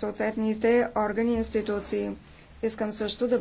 съответните органи и институции. Искам също да